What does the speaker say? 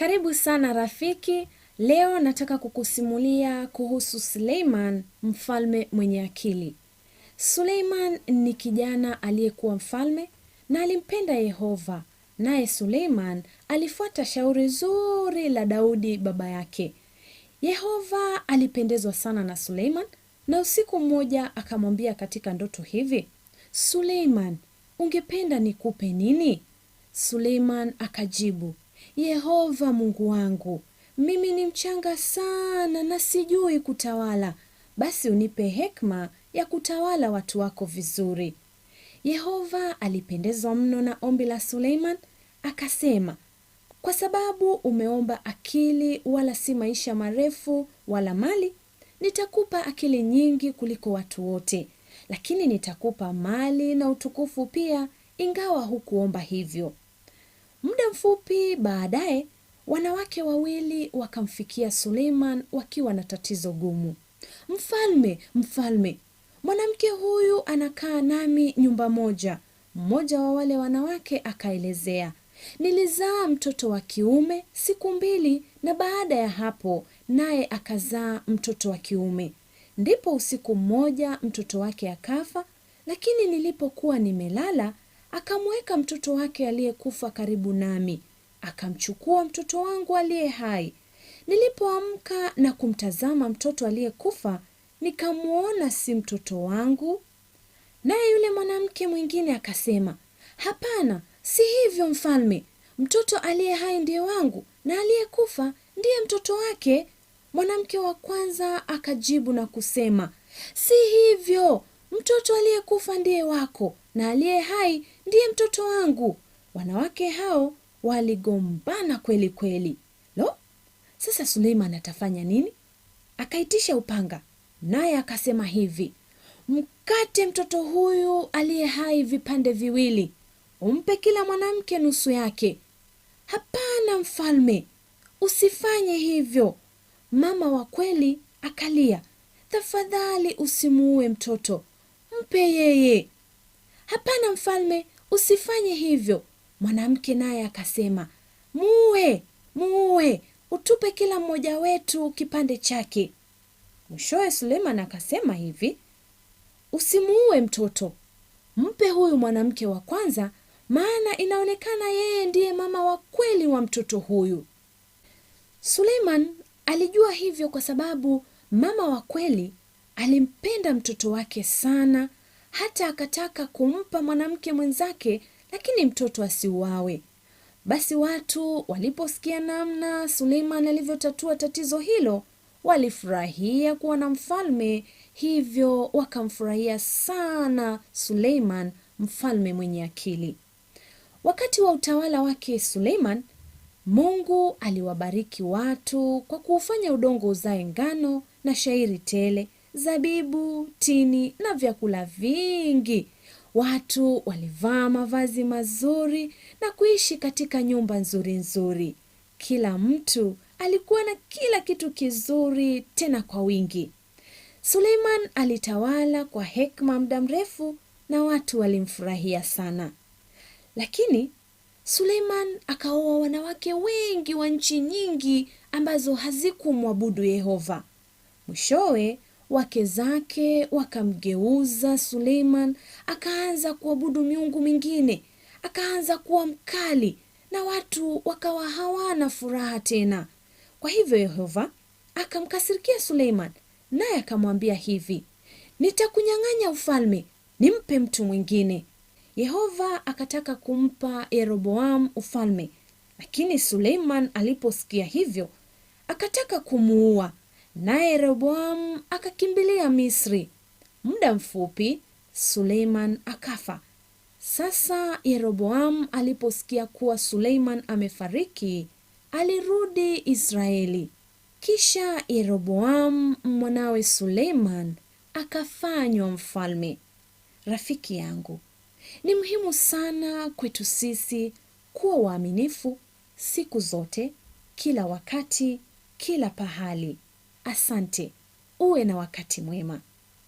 Karibu sana rafiki. Leo nataka kukusimulia kuhusu Suleiman, mfalme mwenye akili. Suleiman ni kijana aliyekuwa mfalme na alimpenda Yehova, naye Suleiman alifuata shauri zuri la Daudi baba yake. Yehova alipendezwa sana na Suleiman, na usiku mmoja akamwambia katika ndoto hivi, Suleiman, ungependa nikupe nini? Suleiman akajibu, Yehova Mungu wangu, mimi ni mchanga sana na sijui kutawala, basi unipe hekma ya kutawala watu wako vizuri. Yehova alipendezwa mno na ombi la Suleiman, akasema, kwa sababu umeomba akili, wala si maisha marefu wala mali, nitakupa akili nyingi kuliko watu wote, lakini nitakupa mali na utukufu pia, ingawa hukuomba hivyo. Muda mfupi baadaye, wanawake wawili wakamfikia Suleiman wakiwa na tatizo gumu. Mfalme, mfalme, mwanamke huyu anakaa nami nyumba moja. Mmoja wa wale wanawake akaelezea, nilizaa mtoto wa kiume siku mbili, na baada ya hapo naye akazaa mtoto wa kiume. Ndipo usiku mmoja mtoto wake akafa, lakini nilipokuwa nimelala akamweka mtoto wake aliyekufa karibu nami, akamchukua mtoto wangu aliye hai. Nilipoamka na kumtazama mtoto aliyekufa, nikamwona si mtoto wangu. Naye yule mwanamke mwingine akasema, hapana, si hivyo mfalme, mtoto aliye hai ndiye wangu na aliyekufa ndiye mtoto wake. Mwanamke wa kwanza akajibu na kusema, si hivyo, mtoto aliyekufa ndiye wako na aliye hai ndiye mtoto wangu. Wanawake hao waligombana kweli kweli. Lo, sasa Suleiman atafanya nini? Akaitisha upanga, naye akasema hivi, mkate mtoto huyu aliye hai vipande viwili, umpe kila mwanamke nusu yake. Hapana mfalme, usifanye hivyo. Mama wa kweli akalia, tafadhali usimuue mtoto, mpe yeye. Hapana mfalme, usifanye hivyo. Mwanamke naye akasema, muue, muue, utupe kila mmoja wetu kipande chake. Mwishowe Suleiman akasema hivi, usimuue mtoto, mpe huyu mwanamke wa kwanza, maana inaonekana yeye ndiye mama wa kweli wa mtoto huyu. Suleiman alijua hivyo kwa sababu mama wa kweli Alimpenda mtoto wake sana, hata akataka kumpa mwanamke mwenzake, lakini mtoto asiuawe. Basi watu waliposikia namna Suleiman alivyotatua tatizo hilo, walifurahia kuwa na mfalme, hivyo wakamfurahia sana Suleiman, mfalme mwenye akili. Wakati wa utawala wake Suleiman, Mungu aliwabariki watu kwa kuufanya udongo uzae ngano na shairi tele zabibu, tini na vyakula vingi. Watu walivaa mavazi mazuri na kuishi katika nyumba nzuri nzuri. Kila mtu alikuwa na kila kitu kizuri, tena kwa wingi. Suleiman alitawala kwa hekima muda mrefu na watu walimfurahia sana, lakini Suleiman akaoa wanawake wengi wa nchi nyingi ambazo hazikumwabudu Yehova. Mwishowe wake zake wakamgeuza Suleiman, akaanza kuabudu miungu mingine, akaanza kuwa mkali na watu wakawa hawana furaha tena. Kwa hivyo Yehova akamkasirikia Suleiman, naye akamwambia hivi, nitakunyang'anya ufalme nimpe mtu mwingine. Yehova akataka kumpa Yeroboamu ufalme, lakini Suleiman aliposikia hivyo akataka kumuua naye Rehoboamu akakimbilia Misri. Muda mfupi Suleiman akafa. Sasa Yeroboamu aliposikia kuwa Suleiman amefariki, alirudi Israeli. Kisha Yeroboamu mwanawe Suleiman akafanywa mfalme. Rafiki yangu, ni muhimu sana kwetu sisi kuwa waaminifu siku zote, kila wakati, kila pahali. Asante, uwe na wakati mwema.